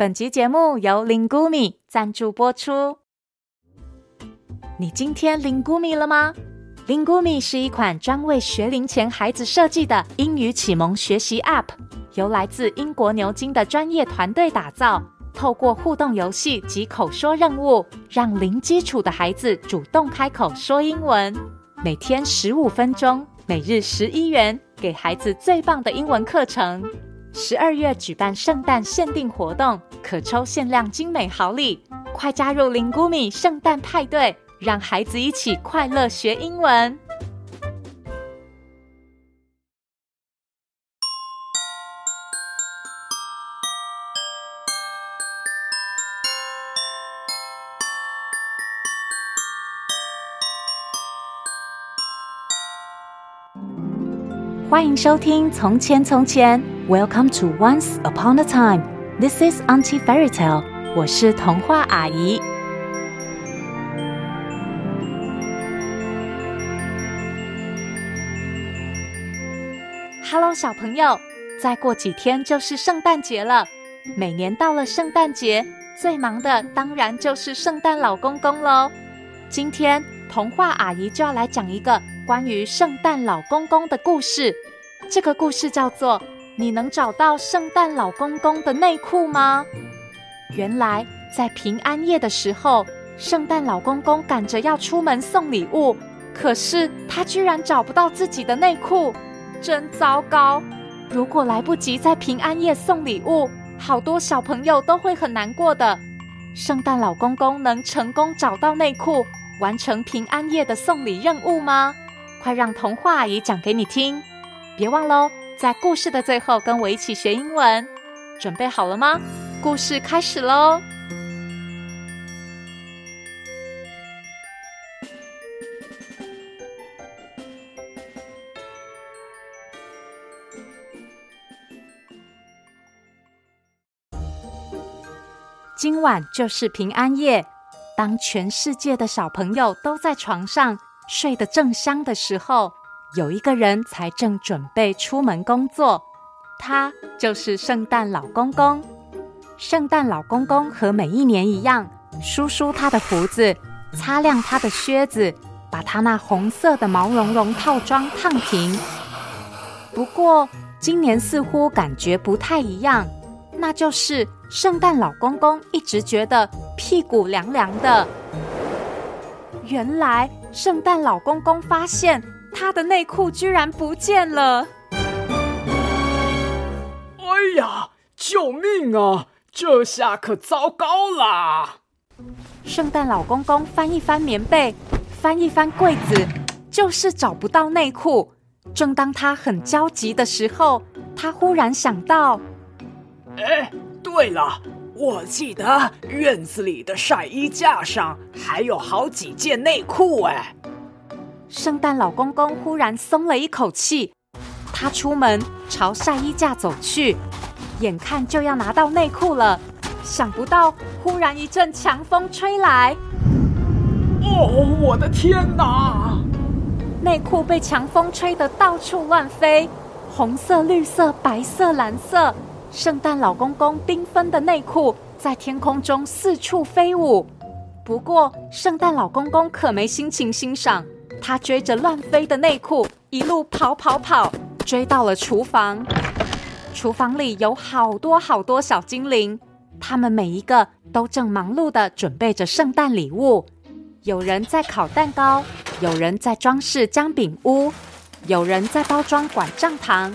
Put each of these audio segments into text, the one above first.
本集節目由 Lingumi 贊助播出。你今天 Lingumi 了嗎？Lingumi 是一款專為學齡前孩子設計的英語啟蒙學習 App，由來自英國牛津的專業團隊打造。透過互動遊戲及口說任務，讓零基礎的孩子主動開口說英文。每天十五分鐘，每日十一元，給孩子最棒的英文課程。十二月舉辦聖誕限定活動，可抽限量精美好禮，快加入 Lingumi 聖誕派對，讓孩子一起快樂學英文。歡迎收聽《從前從前》。Welcome to Once Upon a Time. This is Auntie Fairy Tale. 我是童話阿姨。Hello，小朋友，再過幾天就是聖誕節了。每年到了聖誕節，最忙的當然就是聖誕老公公嘍。今天童話阿姨就要來講一個關於聖誕老公公的故事。這個故事叫做，你能找到聖誕老公公的內褲嗎？原來在平安夜的時候，聖誕老公公趕着要出門送禮物，可是他居然找不到自己的內褲，真糟糕！如果來不及在平安夜送禮物，好多小朋友都會很難過的。聖誕老公公能成功找到內褲，完成平安夜的送禮任務嗎？快讓童話阿姨講給你聽，別忘嘍！在故事的最後，跟我一起學英文，準備好了嗎？故事開始嘍！今晚就是平安夜，當全世界的小朋友都在床上睡得正香的時候。有一個人才正準備出門工作，他就是聖誕老公公。聖誕老公公和每一年一樣，梳梳他的鬍子，擦亮他的靴子，把他那紅色的毛茸茸套裝燙平。不過今年似乎感覺不太一樣，那就是聖誕老公公一直覺得屁股涼涼的。原來聖誕老公公發現。他的內褲居然不見了！哎呀，救命啊！這下可糟糕啦！聖誕老公公翻一翻棉被，翻一翻櫃子，就是找不到內褲。正當他很焦急的時候，他忽然想到：“哎，對了，我記得院子裡的曬衣架上還有好幾件內褲哎。”聖誕老公公忽然鬆了一口氣，他出門朝曬衣架走去，眼看就要拿到內褲了，想不到忽然一陣強風吹來。哦，我的天哪！內褲被強風吹得到處亂飛，紅色、綠色、白色、藍色，聖誕老公公繽紛的內褲在天空中四處飛舞。不過，聖誕老公公可沒心情欣賞。他追着亂飛的內褲，一路跑跑跑，追到了廚房。廚房裡有好多好多小精靈，他們每一個都正忙碌地準備着聖誕禮物。有人在烤蛋糕，有人在裝飾薑餅屋，有人在包裝拐杖糖。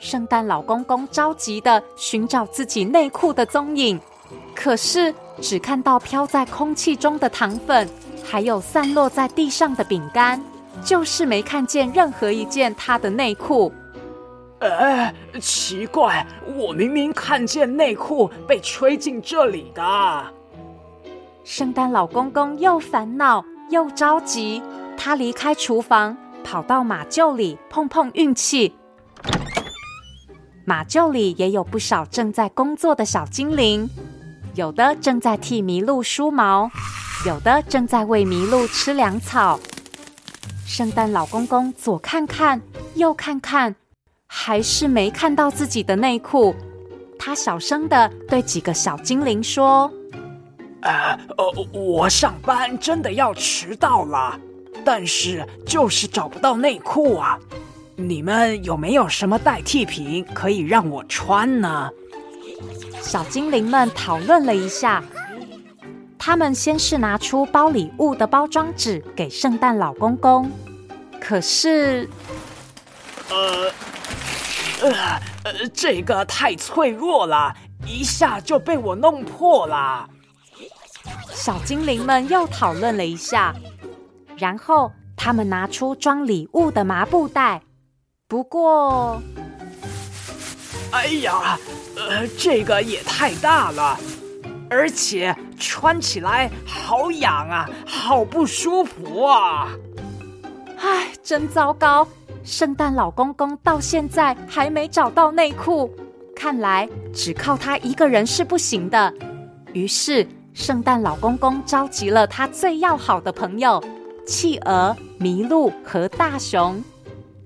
聖誕老公公着急地尋找自己內褲的蹤影，可是只看到飄在空氣中的糖粉。還有散落在地上的餅乾，就是沒看見任何一件他的內褲。哎，奇怪，我明明看見內褲被吹進這裡的。聖誕老公公又煩惱又着急，他離開廚房，跑到馬廄裡碰碰運氣。馬廄裡也有不少正在工作的小精靈，有的正在替麋鹿梳毛。有的正在餵麋鹿吃糧草，聖誕老公公左看看，右看看，還是沒看到自己的內褲。他小聲的對幾個小精靈說：“啊、呃呃，我上班真的要遲到了，但是就是找不到內褲啊。你們有沒有什麼代替品可以讓我穿呢？”小精靈們討論了一下。他們先是拿出包禮物的包裝紙給聖誕老公公，可是，呃，呃，呃，這個太脆弱了，一下就被我弄破了。小精靈們又討論了一下，然後他們拿出裝禮物的麻布袋，不過，哎呀，呃，這個也太大了，而且。穿起來好癢啊，好不舒服啊！唉，真糟糕！聖誕老公公到現在還沒找到內褲，看來只靠他一個人是不行的。於是，聖誕老公公召集了他最要好的朋友——企鵝、麋鹿和大熊。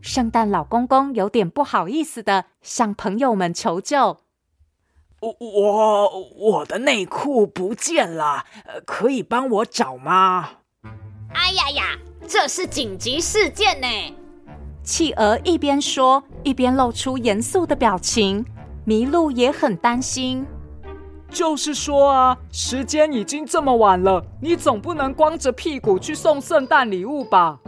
聖誕老公公有點不好意思地向朋友們求救。我我的內褲不見了，可以幫我找嗎？哎呀呀，這是緊急事件呢！企鵝一邊說，一邊露出嚴肅的表情。麋鹿也很擔心。就是說啊，時間已經這麼晚了，你總不能光着屁股去送聖誕禮物吧？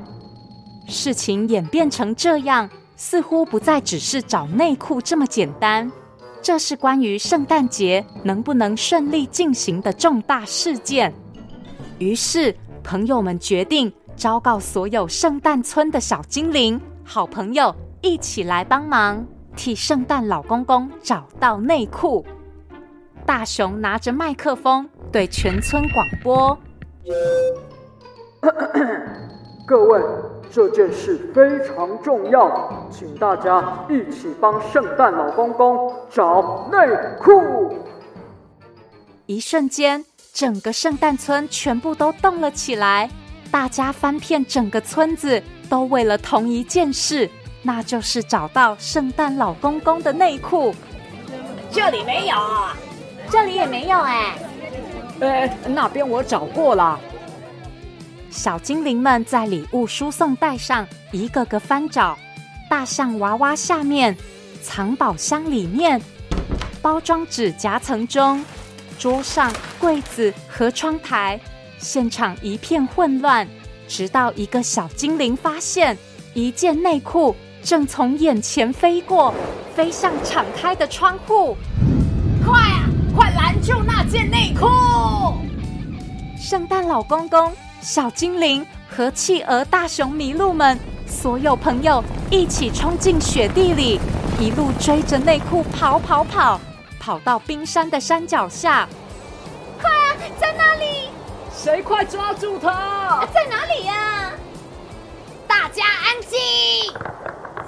事情演變成這樣，似乎不再只是找內褲這麼簡單。這是關於聖誕節能不能順利進行的重大事件，於是朋友們決定，昭告所有聖誕村的小精靈、好朋友一起來幫忙，替聖誕老公公找到內褲。大熊拿着麥克風對全村廣播：各位。這件事非常重要，請大家一起幫聖誕老公公找內褲。一瞬間，整個聖誕村全部都動了起來，大家翻遍整個村子，都為了同一件事，那就是找到聖誕老公公的內褲。這裡沒有，這裡也沒有哎，哎，那邊我找過了。小精靈們在禮物輸送帶上一個個翻找，大象娃娃下面，藏寶箱裡面，包裝紙夾層中，桌上、櫃子和窗台，現場一片混亂。直到一個小精靈發現一件內褲正從眼前飛過，飛向敞開的窗戶，快啊，快攔住那件內褲！聖誕老公公。小精靈和企鵝、大熊、麋鹿們，所有朋友一起衝進雪地裡，一路追着內褲跑跑跑，跑到冰山的山腳下。快啊，在哪裡？誰快抓住他？在哪裡呀、啊？大家安靜！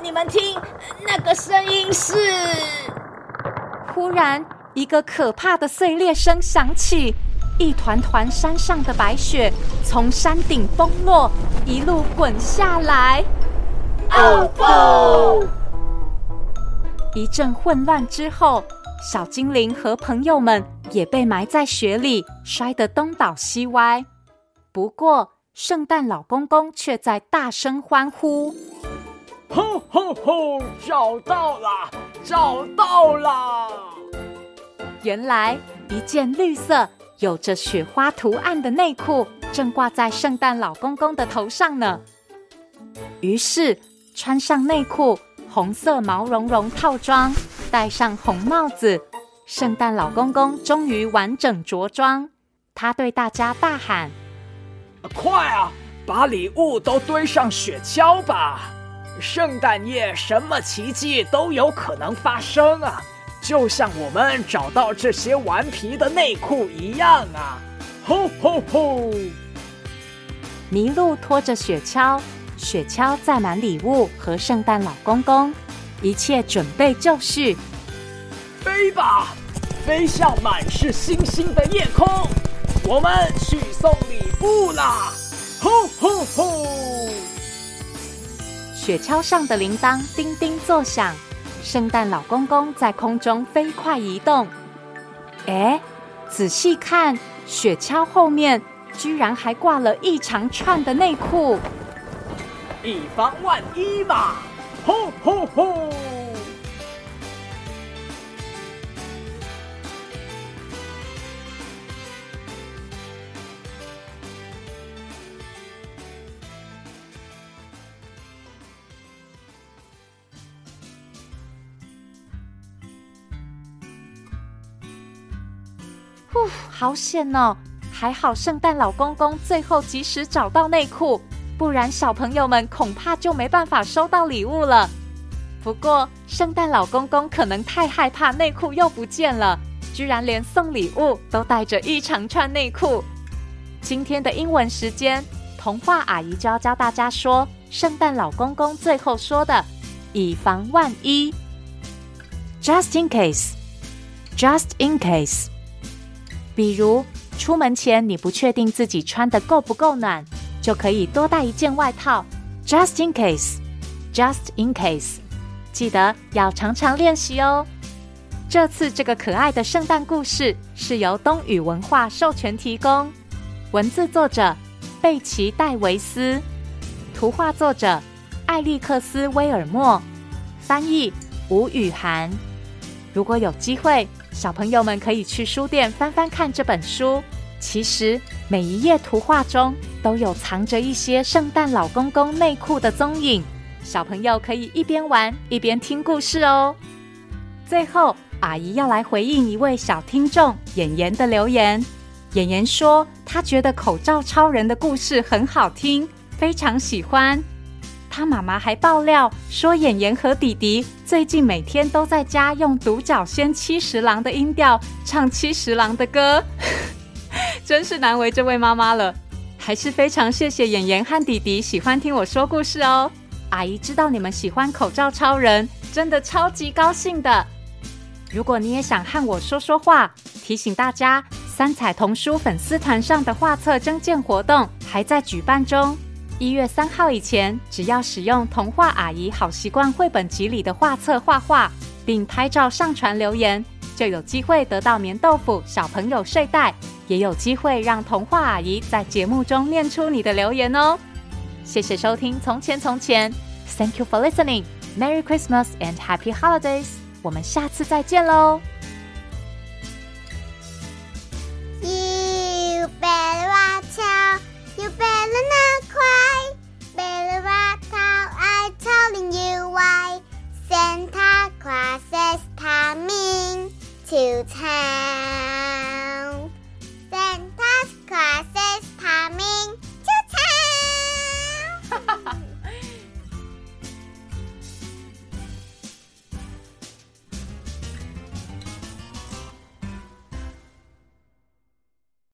你們聽，那個聲音是……忽然，一個可怕的碎裂聲響起。一團團山上的白雪從山頂崩落，一路滾下來。哦不！一陣混亂之後，小精靈和朋友們也被埋在雪裡，摔得東倒西歪。不過，聖誕老公公卻在大聲歡呼：“吼吼吼！找到了，找到了！原來一件綠色。”有着雪花圖案的內褲正掛在聖誕老公公的頭上呢。於是穿上內褲，紅色毛茸茸套裝，戴上紅帽子，聖誕老公公終於完整着裝。他對大家大喊：啊，“快啊，把禮物都堆上雪橇吧！聖誕夜什麼奇蹟都有可能發生啊！”就像我們找到這些頑皮的內褲一樣啊！吼吼吼！麋鹿拖着雪橇，雪橇載滿禮物和聖誕老公公，一切準備就緒。飛吧，飛向滿是星星的夜空，我們去送禮物啦！吼吼吼！雪橇上的鈴鐺叮叮作響。聖誕老公公在空中飛快移動，哎，仔細看，雪橇後面居然還掛了一長串的內褲，以防萬一嘛！吼吼吼！嗚，好險哦！還好聖誕老公公最後及時找到內褲，不然小朋友們恐怕就沒辦法收到禮物了。不過聖誕老公公可能太害怕內褲又不見了，居然連送禮物都帶着一長串內褲。今天的英文時間，童話阿姨就要教大家說聖誕老公公最後說的，以防萬一，Just in case，just in case。比如出門前你不確定自己穿的夠不夠暖，就可以多帶一件外套，just in case，just in case。記得要常常練習哦。這次這個可愛的聖誕故事是由東雨文化授權提供，文字作者貝琪·戴維斯，圖畫作者艾利克斯·威爾莫，翻譯吳羽涵。如果有機會。小朋友們可以去書店翻翻看這本書，其實每一頁圖畫中都有藏着一些聖誕老公公內褲的蹤影。小朋友可以一邊玩一邊聽故事哦。最後，阿姨要來回應一位小聽眾燕燕的留言。燕燕說他覺得口罩超人的故事很好聽，非常喜歡。他媽媽還爆料說，妍妍和弟弟最近每天都在家用獨角仙七十郎的音調唱七十郎的歌， 真是難為這位媽媽了。還是非常謝謝妍妍和弟弟喜歡聽我說故事哦，阿姨知道你們喜歡口罩超人，真的超級高興的。如果你也想和我說說話，提醒大家，三彩童書粉絲團上的畫冊徵件活動還在舉辦中。一月三號以前，只要使用童話阿姨好習慣繪本集裡的畫冊畫畫，並拍照上傳留言，就有機會得到眠豆腐小朋友睡袋，也有機會讓童話阿姨在節目中念出你的留言哦。謝謝收聽《從前從前》，Thank you for listening. Merry Christmas and Happy Holidays. 我們下次再見嘍。